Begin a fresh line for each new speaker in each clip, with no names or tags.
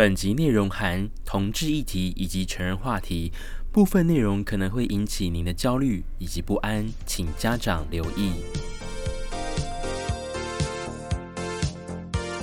本集內容含同志議題以及成人話題，部分內容可能會引起您的焦慮以及不安，請家長留意。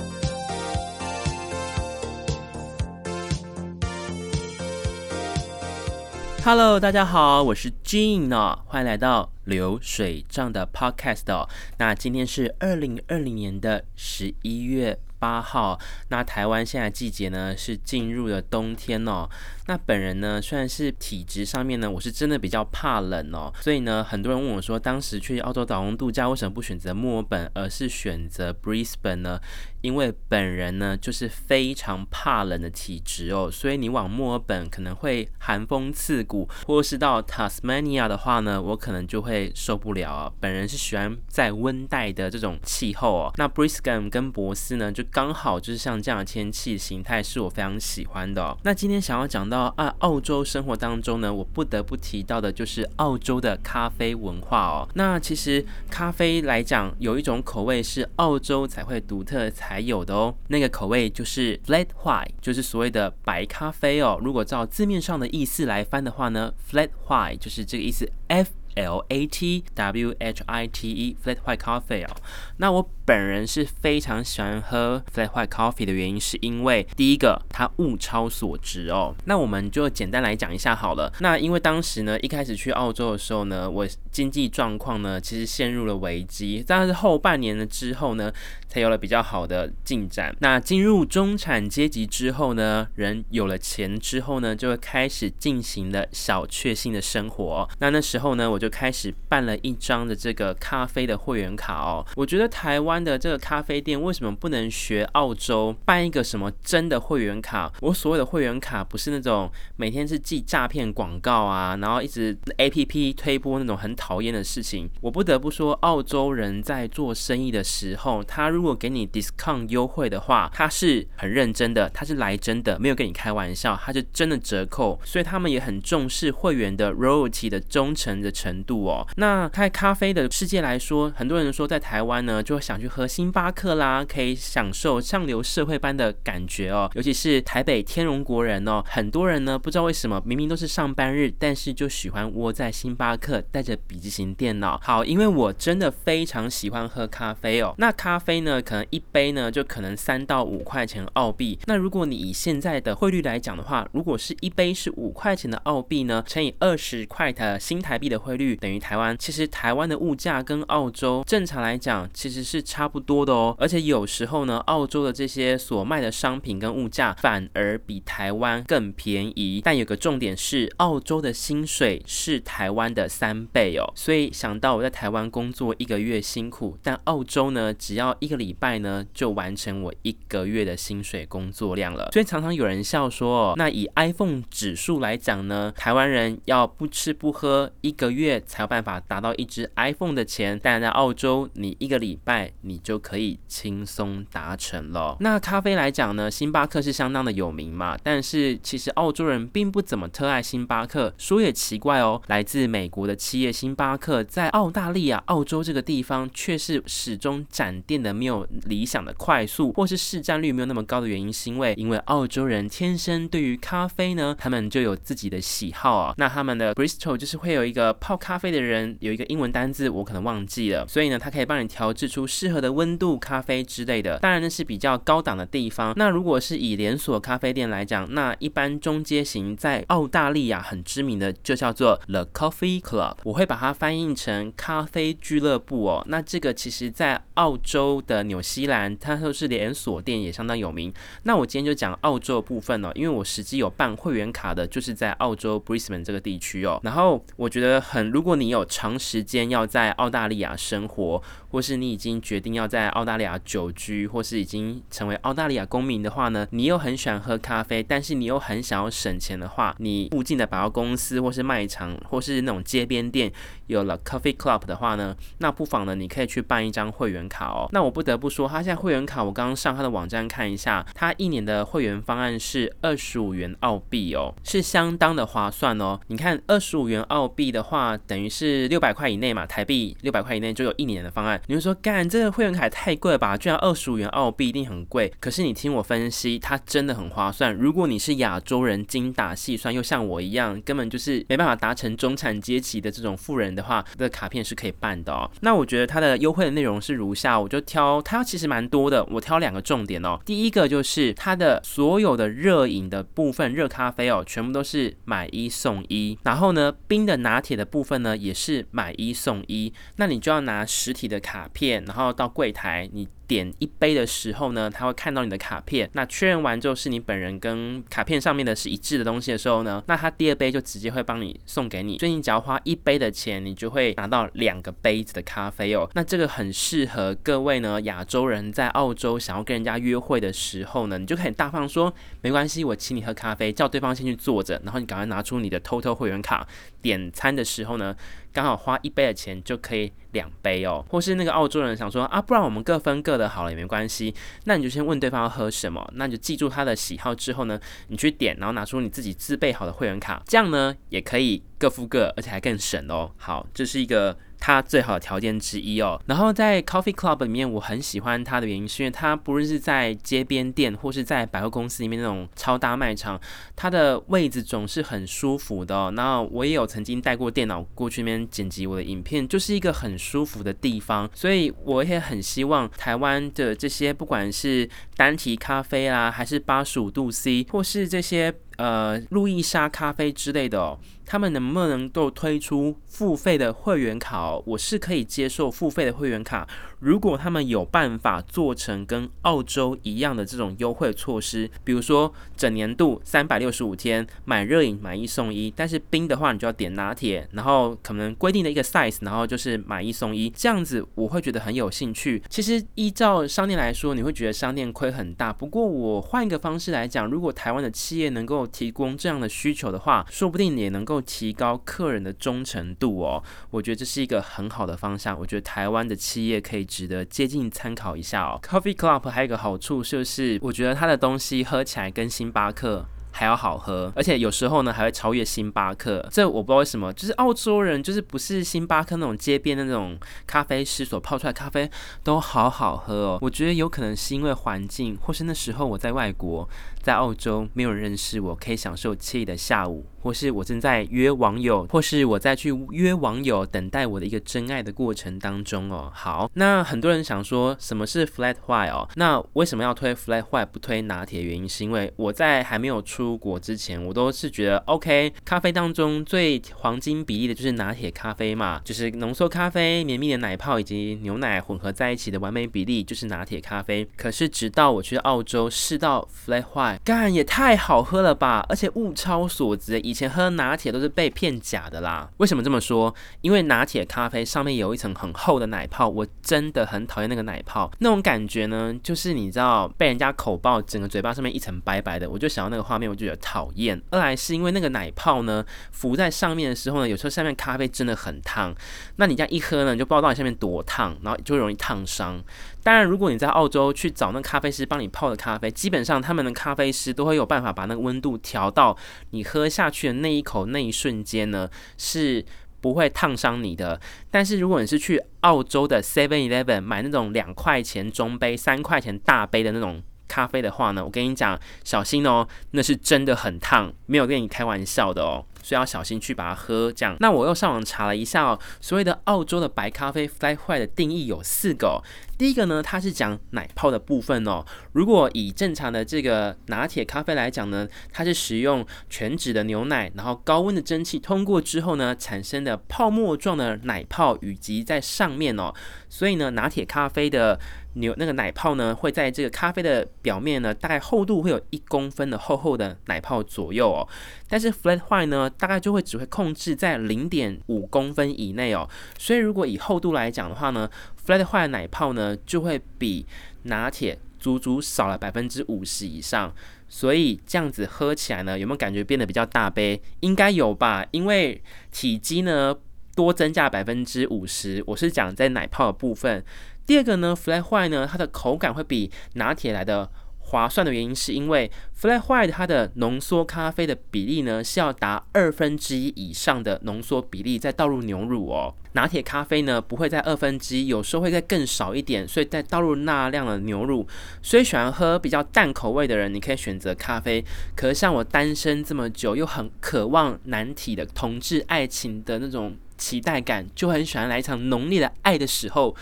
Hello，大家好，我是 Gene 哦，歡迎來到流水賬的 Podcast 哦。那今天是二零二零年的十一月。八號，那台灣現在季節呢是進入了冬天哦、喔。那本人呢，雖然是體質上面呢，我是真的比較怕冷哦、喔。所以呢，很多人問我說，當時去澳洲打工度假為什麼不選擇墨爾本，而是選擇 Brisbane 呢？因為本人呢就是非常怕冷的體質哦、喔，所以你往墨爾本可能會寒風刺骨，或是到塔斯曼尼亞的話呢，我可能就會受不了、喔。本人是喜歡在溫帶的這種氣候哦、喔。那 Brisbane 跟博斯呢，就剛好就是像這樣的天氣形態，是我非常喜歡的哦。那今天想要講到啊，澳洲生活當中呢，我不得不提到的就是澳洲的咖啡文化哦。那其實咖啡來講，有一種口味是澳洲才會獨特才有的哦。那個口味就是 flat white，就是所謂的白咖啡哦。如果照字面上的意思來翻的話呢，flat white 就是這個意思，F-L-A-T-W-H-I-T-E flat white coffee。哦，那我。本人是非常喜歡喝 Flat White Coffee 的原因，是因為第一個它物超所值哦。那我們就簡單來講一下好了。那因為當時呢，一開始去澳洲的時候呢，我經濟狀況呢其實陷入了危機。但是後半年呢，之後呢，才有了比較好的進展。那進入中產階級之後呢，人有了錢之後呢，就會開始進行了小確幸的生活。那那時候呢，我就開始辦了一張的這個咖啡的會員卡哦。我覺得台灣。的這個咖啡店為什麼不能學澳洲辦一個什麼真的會員卡？我所謂的會員卡不是那種每天是寄詐騙廣告啊，然後一直 APP 推播那種很討厭的事情。我不得不說，澳洲人在做生意的時候，他如果給你 discount 優惠的話，他是很認真的，他是來真的，沒有跟你開玩笑，他是真的折扣。所以他們也很重視會員的 loyalty 的忠誠的程度哦。那在咖啡的世界來說，很多人說在台灣呢，就會想去。和星巴克啦，可以享受上流社會般的感覺哦。尤其是台北天龍國人哦，很多人呢不知道為什麼，明明都是上班日，但是就喜歡窩在星巴克，帶着筆記型電腦。好，因為我真的非常喜歡喝咖啡哦。那咖啡呢，可能一杯呢就可能三到五塊錢澳幣。那如果你以現在的匯率來講的話，如果是一杯是五塊錢的澳幣呢，乘以二十塊的新台幣的匯率，等於台灣。其實台灣的物價跟澳洲正常來講，其實是。差不多的哦，而且有時候呢，澳洲的這些所賣的商品跟物價反而比台灣更便宜。但有個重點是，澳洲的薪水是台灣的三倍哦。所以想到我在台灣工作一個月辛苦，但澳洲呢，只要一個禮拜呢，就完成我一個月的薪水工作量了。所以常常有人笑說哦，那以 iPhone 指數來講呢，台灣人要不吃不喝一個月才有辦法達到一支 iPhone 的錢，但在澳洲，你一個禮拜。你就可以輕鬆達成了、哦。那咖啡來講呢，星巴克是相當的有名嘛，但是其實澳洲人並不怎麼特愛星巴克。說也奇怪哦，來自美國的企業星巴克，在澳大利亞、澳洲這個地方卻是始終展店的沒有理想的快速，或是市占率沒有那麼高的原因，是因為因為澳洲人天生對於咖啡呢，他們就有自己的喜好啊、哦。那他們的 Bristol 就是會有一個泡咖啡的人，有一個英文單字我可能忘記了，所以呢，他可以幫你調制出適。適合的溫度咖啡之類的，當然那是比較高檔的地方。那如果是以連鎖咖啡店來講，那一般中階型在澳大利亞很知名的就叫做 The Coffee Club，我會把它翻譯成咖啡俱樂部哦。那這個其實在澳洲的紐西蘭，它都是連鎖店，也相當有名。那我今天就講澳洲部分哦，因為我實際有辦會員卡的，就是在澳洲 Brisbane 這個地區哦。然後我覺得很，如果你有長時間要在澳大利亞生活，或是你已經決定要在澳大利亞久居，或是已經成為澳大利亞公民的話呢，你又很喜歡喝咖啡，但是你又很想要省錢的話，你附近的百貨公司或是賣場，或是那種街邊店，有了 Coffee Club 的話呢，那不妨呢，你可以去辦一張會員卡哦。那我不得不說，他、啊、現在會員卡，我剛剛上他的網站看一下，他一年的會員方案是二十五元澳幣哦，是相當的划算哦。你看，二十五元澳幣的話，等於是六百塊以內嘛，台幣六百塊以內就有一年的方案。你會說，干這個會員卡太貴了吧？居然二十五元澳幣一定很貴。可是你聽我分析，它真的很划算。如果你是亞洲人，精打細算又像我一樣，根本就是沒辦法達成中產階級的這種富人的話，這個卡片是可以辦的哦。那我覺得它的優惠的內容是如下，我就挑它其實蠻多的，我挑兩個重點哦。第一個就是它的所有的熱飲的部分，熱咖啡哦，全部都是買一送一。然後呢，冰的拿鐵的部分呢，也是買一送一。那你就要拿實體的。卡片，然後到櫃檯，你點一杯的時候呢，他會看到你的卡片。那確認完之後，是你本人跟卡片上面的是一致的東西的時候呢，那他第二杯就直接會幫你送給你。所以你只要花一杯的錢，你就會拿到兩個杯子的咖啡哦。那這個很適合各位呢，亞洲人在澳洲想要跟人家約會的時候呢，你就可以大方說，沒關係，我請你喝咖啡，叫對方先去坐着，然後你趕快拿出你的 Total 會員卡，點餐的時候呢。剛好花一杯的錢就可以兩杯哦，或是那個澳洲人想說啊，不然我們各分各的好了也沒關係。那你就先問對方要喝什麼，那你就記住他的喜好之後呢，你去點，然後拿出你自己自備好的會員卡，這樣呢也可以各付各，而且還更省哦。好，這是一個。它最好的條件之一哦、喔。然後在 Coffee Club 裡面，我很喜歡它的原因，是因為它不論是在街邊店或是在百貨公司裡面那種超大賣場，它的位置總是很舒服的、喔。然後我也有曾經帶過電腦過去那邊剪輯我的影片，就是一個很舒服的地方。所以我也很希望台灣的這些，不管是丹堤咖啡啦，還是八十五度 C 或是這些呃路易莎咖啡之類的、喔。他們能不能夠推出付費的會員卡、哦？我是可以接受付費的會員卡。如果他們有辦法做成跟澳洲一樣的這種優惠措施，比如說整年度三百六十五天買熱飲買一送一，但是冰的話你就要點拿鐵，然後可能規定的一個 size，然後就是買一送一這樣子，我會覺得很有興趣。其實依照商店來說，你會覺得商店虧很大。不過我換一個方式來講，如果台灣的企業能夠提供這樣的需求的話，說不定也能夠。提高客人的忠誠度喔，我覺得這是一個很好的方向。我覺得台灣的企業可以值得接近參考一下喔。Coffee Club 還有一個好處就是，我覺得它的東西喝起來跟星巴克還要好喝，而且有時候呢還會超越星巴克。這我不知道為什麼，就是澳洲人就是不是星巴克那種街邊的那種咖啡師所泡出來的咖啡都好好喝喔。我覺得有可能是因為環境，或是那時候我在外國。在澳洲，沒有人認識我，可以享受愜意的下午，或是我正在約網友，或是我再去約網友，等待我的一個真愛的過程當中哦。好，那很多人想說什麼是 flat white 哦？那為什麼要推 flat white 不推拿鐵？原因是因為我在還沒有出國之前，我都是覺得 OK，咖啡當中最黃金比例的就是拿鐵咖啡嘛，就是濃縮咖啡綿密的奶泡以及牛奶混合在一起的完美比例就是拿鐵咖啡。可是直到我去澳洲試到 flat white。幹也太好喝了吧！而且物超所值。以前喝拿鐵都是被騙假的啦。為什麼這麼說？因為拿鐵咖啡上面有一層很厚的奶泡，我真的很討厭那個奶泡。那種感覺呢，就是你知道被人家口爆，整個嘴巴上面一層白白的，我就想到那個畫面，我就覺得討厭。二來是因為那個奶泡呢浮在上面的時候呢，有時候下面咖啡真的很燙，那你這樣一喝呢，你就不知道到底下面多燙，然後就容易燙傷。當然，如果你在澳洲去找那咖啡師幫你泡的咖啡，基本上他們的咖啡師都會有辦法把那個溫度調到你喝下去的那一口那一瞬間呢，是不會燙傷你的。但是如果你是去澳洲的 Seven Eleven 買那種兩塊錢中杯，三塊錢大杯的那種咖啡的話呢，我跟你講，小心哦，喔，那是真的很燙，沒有跟你開玩笑的哦，喔，所以要小心去把它喝，這樣。那我又上網查了一下哦，喔，所謂的澳洲的白咖啡 Flat White 的定義有四個，喔。第一個呢，它是講奶泡的部分哦。如果以正常的這個拿鐵咖啡來講呢，它是使用全脂的牛奶，然後高溫的蒸汽通過之後呢，產生的泡沫狀的奶泡聚集在上面哦。所以呢，拿鐵咖啡的牛那個奶泡呢，會在這個咖啡的表面呢，大概厚度會有一公分的厚厚的奶泡左右哦。但是 flat white 呢，大概就會只會控制在零點五公分以內哦。所以如果以厚度來講的話呢，f l y t w 的奶泡呢，就會比拿鐵足足少了百分之五十以上，所以這樣子喝起來呢，有沒有感覺變得比較大杯？應該有吧，因為體積呢多增加百分之五十，我是講在奶泡的部分。第二個呢 f l y 壞呢，它的口感會比拿鐵來的。划算的原因是因為 flat white 它的濃縮咖啡的比例呢，是要達二分之一以上的濃縮比例，再倒入牛乳哦，拿鐵咖啡呢，不會在二分之一，有時候會再更少一點，所以再倒入那量的牛乳。所以喜歡喝比較淡口味的人，你可以選擇咖啡。可是像我單身這麼久，又很渴望男體的同志愛情的那種期待感，就很喜歡來一場濃烈的愛的時候。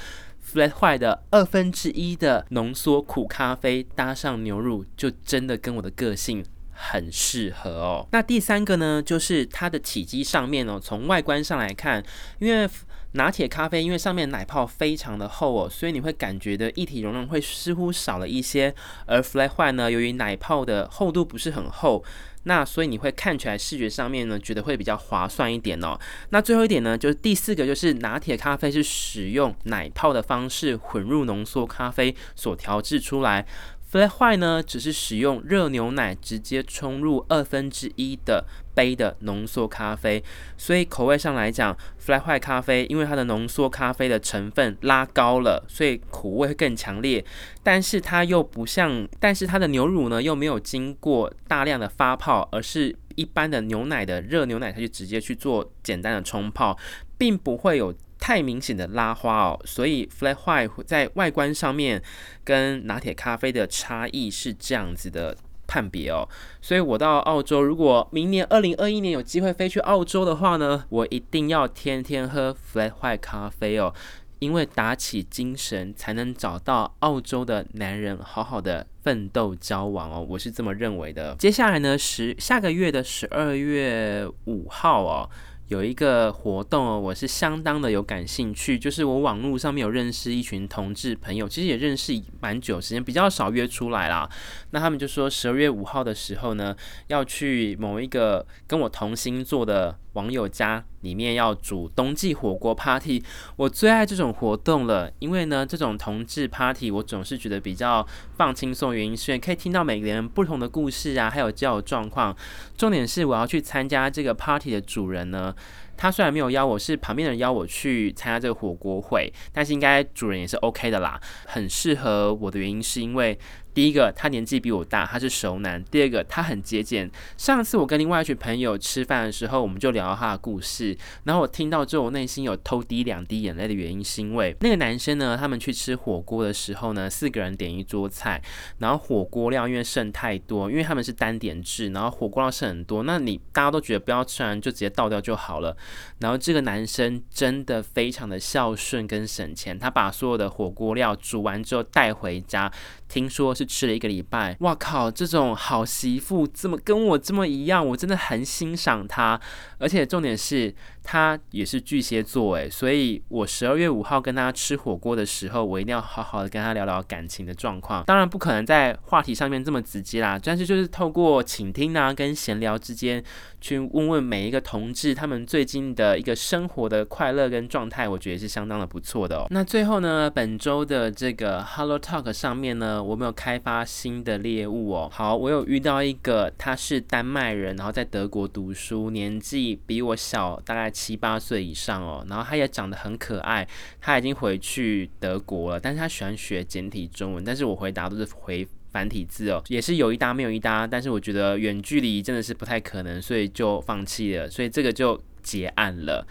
Flat White 的二分之一的濃縮苦咖啡搭上牛乳就真的跟我的個性很適合哦。那第三個呢，就是它的體積上面哦，從外觀上來看，因為拿鐵咖啡因為上面奶泡非常的厚哦，所以你會感覺的液體容量會似乎少了一些。而 Flat White 呢，由於奶泡的厚度不是很厚。那所以你會看起來視覺上面呢，覺得會比較划算一點哦。那最後一點呢，就是第四個，就是拿鐵咖啡是使用奶泡的方式混入濃縮咖啡所調制出來。Flat White 呢，只是使用熱牛奶直接沖入二分之一的杯的濃縮咖啡，所以口味上來講，Flat White 咖啡因為它的濃縮咖啡的成分拉高了，所以苦味會更強烈。但是它又不像，但是它的牛乳呢又沒有經過大量的發泡，而是一般的牛奶的熱牛奶，它就直接去做簡單的沖泡，並不會有。太明顯的拉花哦，所以 flat white 在外觀上面跟拿鐵咖啡的差異是這樣子的判別哦。所以，我到澳洲，如果明年二零二一年有機會飛去澳洲的話呢，我一定要天天喝 flat white 咖啡哦，因為打起精神才能找到澳洲的男人，好好的奮鬥交往哦。我是這麼認為的。接下來呢，十下個月的十二月五號哦，有一個活動，我是相當的有感興趣。就是我網絡上面有認識一群同志朋友，其實也認識蠻久時間，比較少約出來啦。那他們就說十二月五號的時候呢，要去某一個跟我同星座的網友家裡面要煮冬季火鍋 party，我最愛這種活動了，因為呢，這種同志 party 我總是覺得比較放輕鬆，原因是可以聽到每個人不同的故事啊，還有交友狀況。重點是我要去參加這個 party 的主人呢。他雖然沒有邀我是，是旁邊的人邀我去參加這個火鍋會，但是應該主人也是 OK 的啦。很適合我的原因是因為，第一個他年紀比我大，他是熟男；第二個他很節儉。上次我跟另外一群朋友吃飯的時候，我們就聊到他的故事，然後我聽到之後，我內心有偷滴兩滴眼淚的原因，是因為那個男生呢，他們去吃火鍋的時候呢，四個人點一桌菜，然後火鍋料因為剩太多，因為他們是單點制，然後火鍋料剩很多，那你大家都覺得不要吃完就直接倒掉就好了。然後這個男生真的非常的孝順跟省錢，他把所有的火鍋料煮完之後帶回家，聽說是吃了一個禮拜。哇靠！這種好媳婦這麼跟我這麼一樣？我真的很欣賞他，而且重點是。他也是巨蟹座哎，所以我十二月五號跟他吃火鍋的時候，我一定要好好的跟他聊聊感情的狀況。當然不可能在話題上面這麼直接啦，但是就是透過傾聽啊跟閒聊之間去問問每一個同志他們最近的一個生活的快樂跟狀態，我覺得是相當的不錯的哦。那最後呢，本周的這個 Hello Talk 上面呢，我沒有開發新的獵物哦。好，我有遇到一個，他是丹麥人，然後在德國讀書，年紀比我小大概。七八歲以上哦，然後他也長得很可愛，他已經回去德國了，但是他喜歡學簡體中文，但是我回答都是回繁體字哦，也是有一搭沒有一搭，但是我覺得遠距離真的是不太可能，所以就放棄了，所以這個就結案了。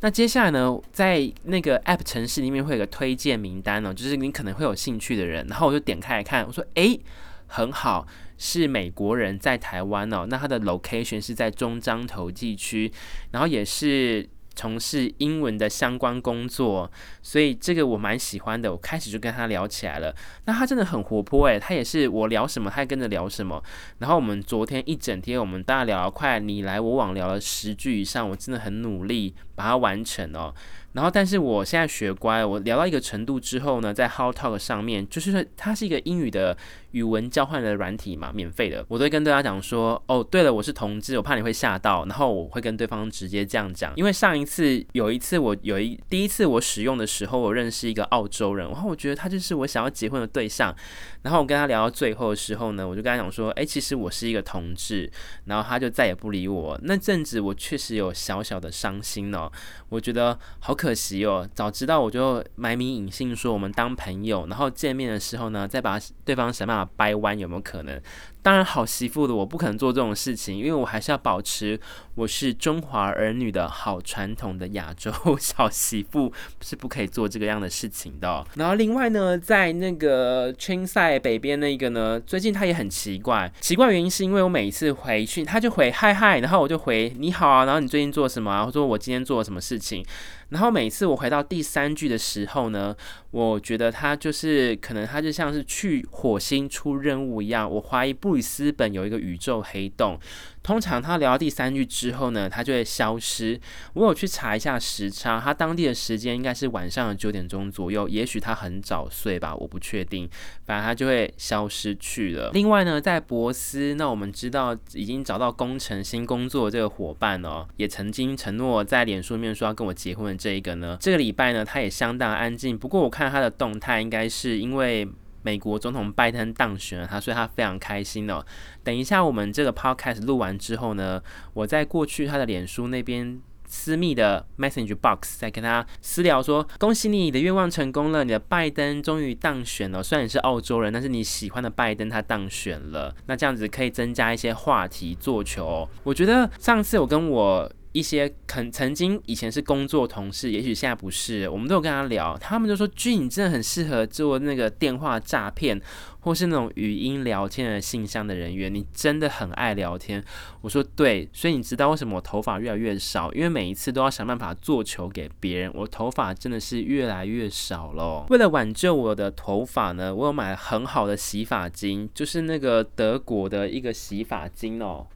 那接下來呢，在那個 App 程式裡面會有個推薦名單哦，就是你可能會有興趣的人，然後我就點開來看，我說，欸，很好。是美國人，在台灣哦、喔。那他的 location 是在中彰投地區，然後也是從事英文的相關工作，所以這個我蠻喜歡的。我開始就跟他聊起來了，那他真的很活潑誒、欸，他也是我聊什麼，他也跟着聊什麼。然後我們昨天一整天，我們大家聊了快來你來我往，聊了十句以上，我真的很努力。把它完成哦，然後但是我現在學乖了，我聊到一個程度之後呢，在 Hot Talk 上面，就是說它是一個英語的語文交換的軟體嘛，免費的，我都會跟對方講說，哦，對了，我是同志，我怕你會嚇到，然後我會跟對方直接這樣講，因為上一次有一次我有一第一次我使用的時候，我認識一個澳洲人，然後我覺得他就是我想要結婚的對象，然後我跟他聊到最後的時候呢，我就跟他講說，哎，其實我是一個同志，然後他就再也不理我，那陣子我確實有小小的傷心哦。我覺得好可惜哦，早知道我就埋名隱姓，說我們當朋友，然後見面的時候呢，再把對方想辦法掰彎，有沒有可能？當然，好媳婦的我不可能做這種事情，因為我還是要保持我是中華兒女的好傳統的亞洲小媳婦是不可以做這個樣的事情的。然後另外呢，在那個圈賽北邊那個呢，最近他也很奇怪，奇怪原因是因為我每一次回去，他就回嗨嗨，然後我就回你好啊，然後你最近做什麼啊？我說我今天做了什麼事情。然後每次我回到第三句的時候呢，我覺得他就是，可能他就像是去火星出任務一樣，我懷疑布里斯本有一個宇宙黑洞。通常他聊第三句之後呢，他就會消失。我有去查一下時差，他當地的時間應該是晚上的九點鐘左右，也許他很早睡吧，我不確定。反正他就會消失去了。另外呢，在博斯，那我們知道已經找到工程新工作的這個夥伴哦，也曾經承諾在臉書面說要跟我結婚的這一個呢，這個禮拜呢，他也相當安靜。不過我看他的動態，應該是因為。美國總統拜登當選了他，所以他非常開心哦。等一下，我們這個 podcast 錄完之後呢，我再過去他的臉書那邊私密的 message box，在跟他私聊說：恭喜你，你的願望成功了，你的拜登終於當選了。雖然你是澳洲人，但是你喜歡的拜登他當選了，那這樣子可以增加一些話題做球哦。我覺得上次我跟我。一些曾曾經以前是工作同事，也許現在不是。我們都有跟他聊，他們就說：“君，你真的很適合做那個電話詐騙，或是那種語音聊天的信箱的人員，你真的很愛聊天。”我說：“對。”所以你知道為什麼我頭髮越來越少？因為每一次都要想辦法做球給別人，我頭髮真的是越來越少了。為了挽救我的頭髮呢，我有買很好的洗髮精，就是那個德國的一個洗髮精哦、喔。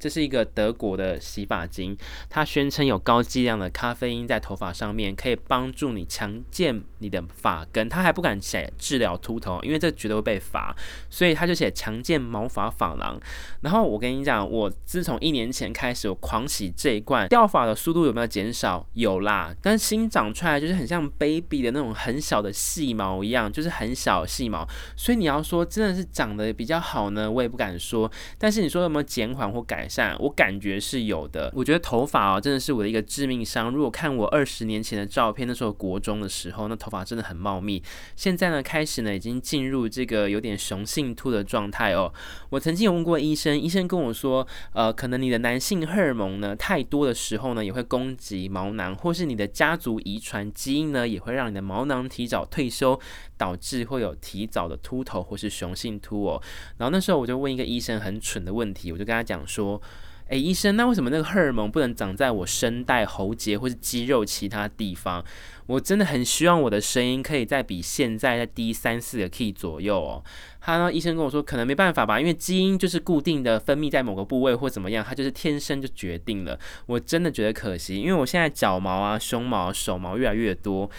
這是一個德國的洗髮精，它宣稱有高劑量的咖啡因在頭髮上面，可以幫助你強健你的髮根。它還不敢寫治療禿頭，因為這絕對會被罰，所以它就寫強健毛髮髮廊。然後我跟你講，我自從一年前開始，我狂洗這一罐，掉髮的速度有沒有減少？有啦，但新長出來就是很像 baby 的那種很小的細毛一樣，就是很小細毛。所以你要說真的是長得比較好呢，我也不敢說。但是你說有沒有減緩或改善？我感覺是有的，我覺得頭髮啊、喔、真的是我的一個致命傷。如果看我二十年前的照片，那時候國中的時候，那頭髮真的很茂密。現在呢，開始呢已經進入這個有點雄性禿的狀態哦。我曾經有問過醫生，醫生跟我說，呃，可能你的男性荷爾蒙呢太多的時候呢，也會攻擊毛囊，或是你的家族遺傳基因呢，也會讓你的毛囊提早退休。導致會有提早的禿頭或是雄性禿哦、喔，然後那時候我就問一個醫生很蠢的問題，我就跟他講說，哎，醫生，那為什麼那個荷爾蒙不能長在我聲帶、喉結或是肌肉其他地方？我真的很希望我的聲音可以再比現在再低三四個 K 左右哦、喔。他呢，醫生跟我說，可能沒辦法吧，因為基因就是固定的，分泌在某個部位或怎麼樣，它就是天生就決定了。我真的覺得可惜，因為我現在腳毛啊、胸毛、手毛越來越多。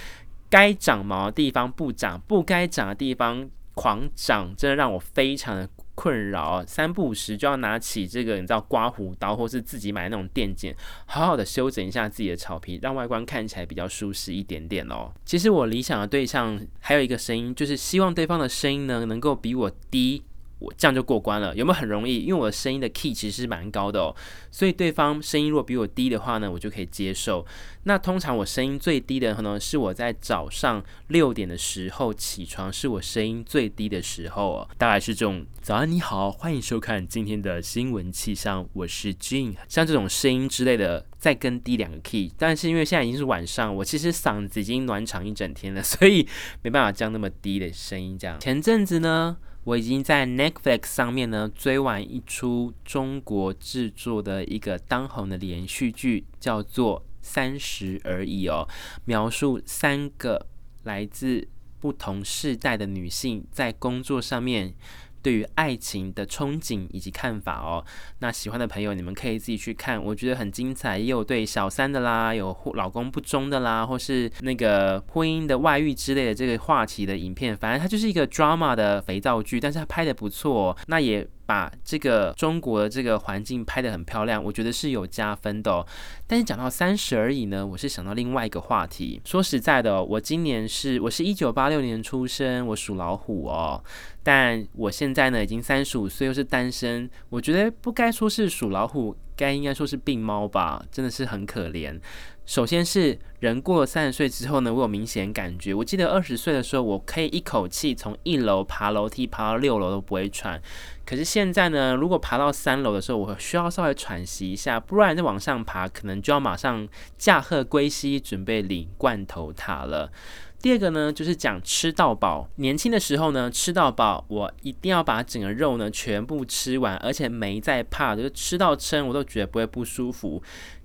該長毛的地方不長，不該長的地方狂長，真的讓我非常的困擾。三不五時就要拿起這個你知道刮鬍刀，或是自己買那種電剪，好好的修整一下自己的草皮，讓外觀看起來比較舒適一點點哦，其實我理想的對象還有一個聲音，就是希望對方的聲音呢能夠比我低。我這樣就過關了，有沒有很容易？因為我的聲音的 key 其實蠻高的哦，所以對方聲音如果比我低的話呢，我就可以接受。那通常我聲音最低的可能是我在早上六點的時候起床，是我聲音最低的時候哦。大概是這種“早安，你好，歡迎收看今天的新聞氣象，我是 Gene” 像這種聲音之類的，再更低兩個 key，但是因為現在已經是晚上，我其實嗓子已經暖場一整天了，所以沒辦法降那麼低的聲音。這樣前陣子呢。我已經在 Netflix 上面呢追完一出中國製作的一個當紅的連續劇，叫做《三十而已》哦，描述三個來自不同世代的女性在工作上面。對於愛情的憧憬以及看法哦，那喜歡的朋友你們可以自己去看，我覺得很精彩，也有對小三的啦，有老公不忠的啦，或是那個婚姻的外遇之類的這個話題的影片，反正它就是一個 drama 的肥皂劇，但是它拍得不錯哦，那也。把這個中國的這個環境拍得很漂亮，我覺得是有加分的哦。但是講到三十而已呢，我是想到另外一個話題。說實在的哦，我今年是我是一九八六年出生，我屬老虎哦。但我現在呢已經三十五歲，又是單身，我覺得不該說是屬老虎，該應該說是病貓吧，真的是很可憐。首先是人過了三十歲之後呢，我有明顯感覺。我記得二十歲的時候，我可以一口氣從一樓爬樓梯爬到六樓都不會喘。可是現在呢，如果爬到三樓的時候，我需要稍微喘息一下，不然再往上爬，可能就要馬上駕鶴歸西，準備領罐頭塔了。第二個呢，就是講吃到飽。年輕的時候呢，吃到飽，我一定要把整個肉呢全部吃完，而且沒在怕，就是吃到撐我都覺得不會不舒服。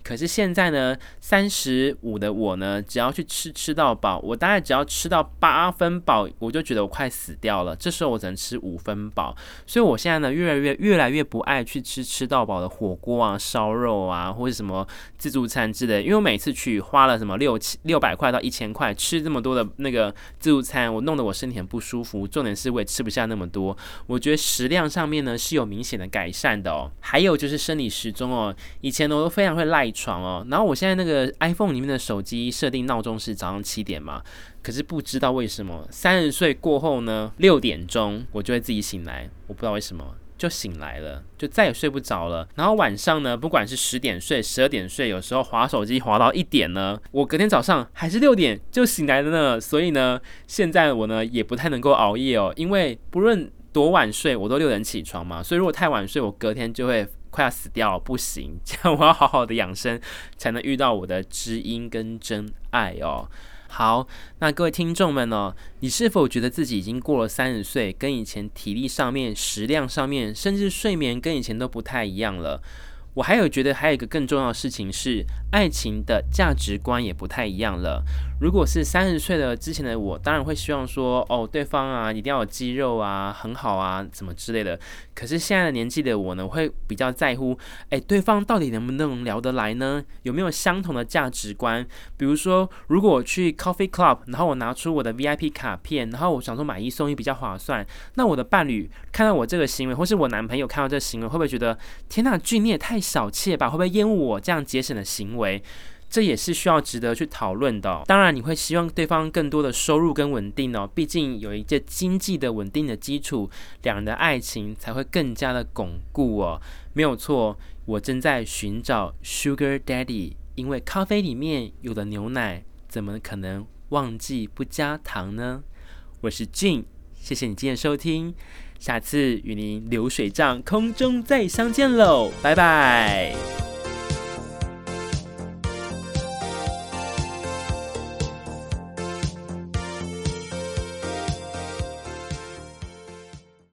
可是現在呢，三十五的我呢,只要去吃吃到飽，我大概只要吃到八分飽，我就覺得我快死掉了。這時候我只能吃五分飽，所以我現在呢，越來越越來越不愛去吃吃到飽的火鍋啊、燒肉啊，或者什麼自助餐之類，因為我每次去花了什麼六七六百塊到一千塊，吃這麼多的那個自助餐，我弄得我身體很不舒服。重點是我也吃不下那麼多。我覺得食量上面呢是有明顯的改善的哦。還有就是生理時鐘哦，以前我都非常會賴床哦，然後我現在那個 iPhone 裡面的手機設定鬧鐘是早上七點嘛，可是不知道為什麼三十歲過後呢，六點鐘我就會自己醒來，我不知道為什麼就醒來了，就再也睡不着了。然後晚上呢，不管是十點睡，十二點睡，有時候滑手機滑到一點呢，我隔天早上還是六點就醒來了呢。所以呢，現在我呢也不太能夠熬夜哦，因為不論多晚睡，我都六點起床嘛，所以如果太晚睡，我隔天就會。快要死掉了，不行！這樣我要好好的養生，才能遇到我的知音跟真愛哦。好，那各位聽眾們呢、哦？你是否覺得自己已經過了三十歲，跟以前體力上面、食量上面，甚至睡眠跟以前都不太一樣了？我還有覺得還有一個更重要的事情是，愛情的價值觀也不太一樣了。如果是三十歲的之前的我，當然會希望說，哦，對方啊，一定要有肌肉啊，很好啊，怎麼之類的。可是現在的年紀的我呢，我會比較在乎，哎、欸，對方到底能不能聊得來呢？有沒有相同的價值觀？比如說，如果我去 coffee club，然後我拿出我的 V I P 卡片，然後我想說買一送一比較划算，那我的伴侶看到我這個行為，或是我男朋友看到這個行為，會不會覺得天哪、啊，俊你也太小氣了吧？會不會厭惡我這樣節省的行為？這也是需要值得去討論的哦。當然，你會希望對方更多的收入跟穩定哦。畢竟有一個經濟的穩定的基礎，兩人的愛情才會更加的鞏固哦。沒有錯，我正在尋找 Sugar Daddy，因為咖啡裡面有的牛奶，怎麼可能忘記不加糖呢？我是 Gene，謝謝你今天的收聽，下次與您流水賬空中再相見嘍，拜拜。